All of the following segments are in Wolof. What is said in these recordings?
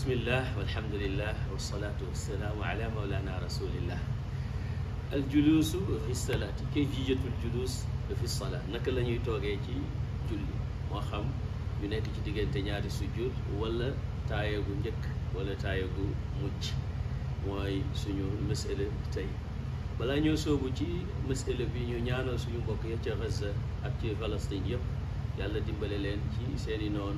بسم الله والحمد لله والصلاة والسلام على مولانا رسول الله الجلوس في الصلاة كيفية الجلوس في الصلاة naka la ñuy toogee ci julli moo xam ñu nekk ci diggante ñaari sujjud wala taayagu njëkk wala taayagu mucc mooy suñu masala tey balaa ñoo soobu ci masala bi ñu ñaanal suñu mbokk ya ca Gaza ak ci Palestine yépp yàlla dimbale leen ci seeni noon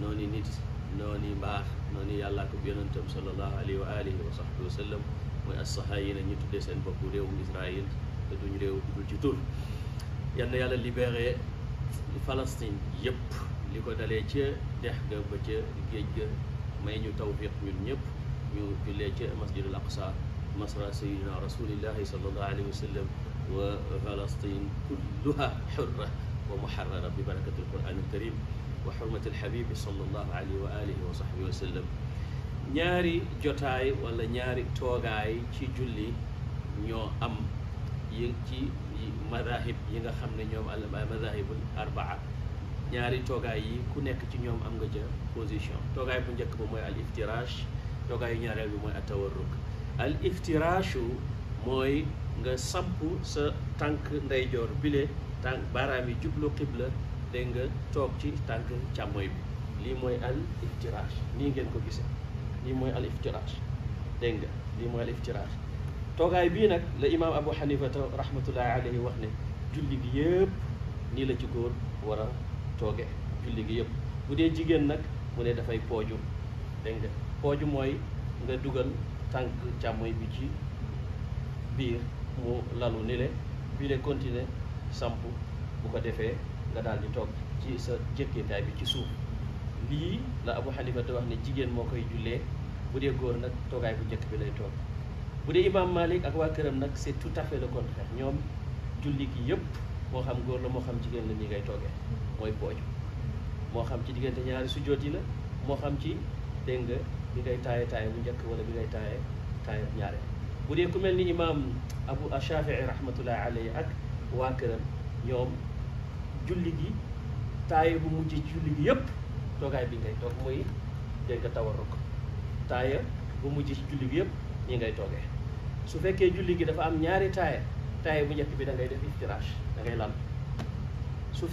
nooni nit noonu baax noonu yàlla ko yonentam sallallahu alayhi wa alihi wa sahbihi wa sallam mooy assaha yi na ñu tuddee seen bopp réewum Israël te duñu réew dudul ci tur yal na yàlla libéré Palestine yépp li ko dalee ca dex ga ba ca géej ga may ñu tawfiq ñun ñëpp ñu jullee ca masjidul aqsa masra sayyidina rasulillahi sallallahu alayhi wa sallam wa Palestine kulluha hurra wa muharrara bi barakatil qur'an al karim وحرمة الحبيب صلى الله عليه وآله وصحبه وسلم نياري جوتاي ولا نياري توغاي تي جولي نيو أم يكي مذاهب يغا خامني نيوم المذاهب الاربعه نياري توغاي يي كو نيك تي نيوم امغا جا بوزيشن توغاي بو نيك بو موي الافتراش توغاي نياري بو موي التورك الافتراش موي nga sampu sa tank ndeyjor bile tank barami djublo qibla Denga, nga toog ci tànk càmmoñ bi lii al iftiraash nii ngeen ko gisee lii mooy al iftiraash dégg nga lii al iftiraash toogaay bii nak la imam abu xanifata rahmatullahi alayhi wax ne julli gi yëpp nii la ci góor war a julli gi yëpp bu dee nak nag mu ne dafay pooju dégg nga nga dugal tànk càmmoñ bi ci biir mu lalu ni le bi le continuer samp bu ko defee nga daal di toog ci sa jëkkeetaay bi ci suuf lii la Abu Hanifa te wax ne jigéen moo koy jullee bu dee góor nag toogaay bu njëkk bi lay toog bu dee imaam Malik ak waa këram nag c'est tout à ñoom julli gi yëpp moo xam góor la moo xam jigéen la ni ngay toogee mooy pooju moo xam ci diggante ñaari sujjóot yi la moo xam ci dégg nga bi ngay taaye taaye bu njëkk wala bi ngay taaye bu dee ku mel ni imaam Abu Shafii rahmatullahi alayhi ak waa këram ñoom julli gi taaya bu mujj julli gi yépp toogaay bi ngay toog muy dégg nga tawarruk taaya bu mujj ci julli gi yépp ñi ngay toogee su fekkee julli gi dafa am ñaari taaya taaya bu njëkk bi da def iftiraash da ngay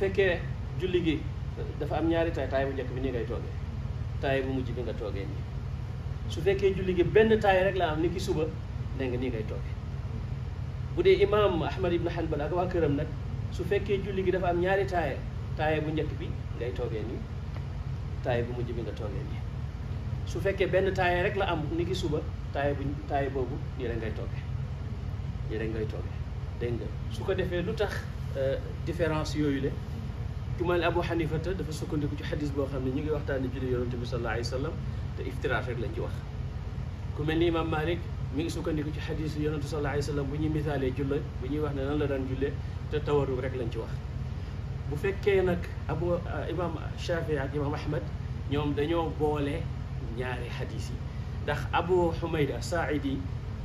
fekkee julli gi am ñaari taaya bu njëkk bi nii ngay toogee taaya bu mujj bi nga toogee nii su fekkee julli gi benn taaya rek la am ni ki suba nee nii ngay toogee bu dee imaam Ahmad ibn Hanbal ak waa këram nag su fekkee julli gi dafa am ñaari taaye taaye bu njëkk bi ngay toogee nii taaye bu mujj bi nga toogee nii su fekkee benn taaye rek la am ni ki suba taaye bu taaye boobu nii ngay toogee nii ngay toogee dégg nga su ko defee lu tax euh, différence yooyu la jumal Abu Hanifata dafa sukkandiku ci xadis boo xam ne ñu ngi waxtaanee julli yonante bi sallallahu alayhi wa sallam te iftiraat rek lañ ci wax ku mel ni Imam mi ngi sukkandiku ci xadis yonentu sallallahu alayhi wa sallam bu ñuy misaalee julle bu ñuy wax ne nan la daan julle te tawarruk rek lañu ci wax bu fekkee nag abu euh, imam Shafii ak imam Ahmad ñoom dañoo boole ñaari xadis yi ndax abu Humayda Saaidi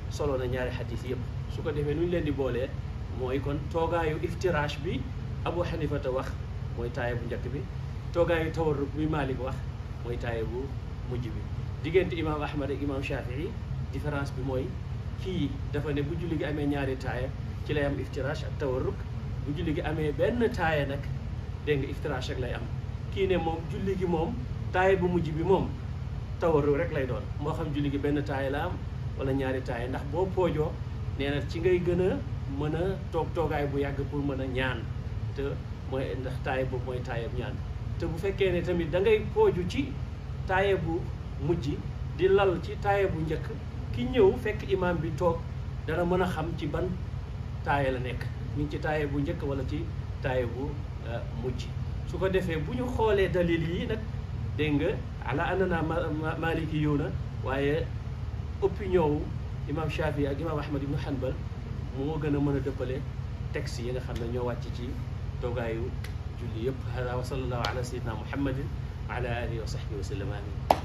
solo na ñaari xadis yëpp su ko defee nu ñu leen di boolee mooy kon toogaayu iftiraash bi abu Xanifa te wax mooy taaye bu njëkk bi toogaayu tawarruk bi Malik wax mooy taaye bu mujj bi diggante imam Ahmad ak imam Shafii différence bi mooy kii dafa ne bu julli gi amee ñaari taaya ci lay am iftirash ak tawarruk bu julli gi amee benn taaya nag dégg nga iftirash lay am kii ne moom julli gi moom taaya bu mujj bi moom tawarruk rek lay doon moo xam julli gi benn taaya la am wala ñaari taaya ndax boo poojoo nee na ci ngay gën a mën a toog toogaay bu yàgg pour mën a ñaan te mooy ndax taaya boobu mooy taayab ñaan te bu fekkee ne tamit da ngay pooju ci taaya bu mujj di lal ci taaya bu njëkk ki ñëw fekk imaam bi toog dana mën a xam ci ban taaye la nekk ñu ci taaye bu njëkk wala ci taaye bu euh, mujj su ko defee bu ñu xoolee dalil yi nag dégg nga ala anana maliki yow na waaye opinion wu imaam Shafi ak imaam Ahmad ibnu Hanbal moo gën a mën a dëppale texte yi nga xam na ñoo wàcc ci toogaayu julli yëpp hada wa sallallahu ala sayyidina muhammadin wa ala alihi wa sahbihi wa sallam amin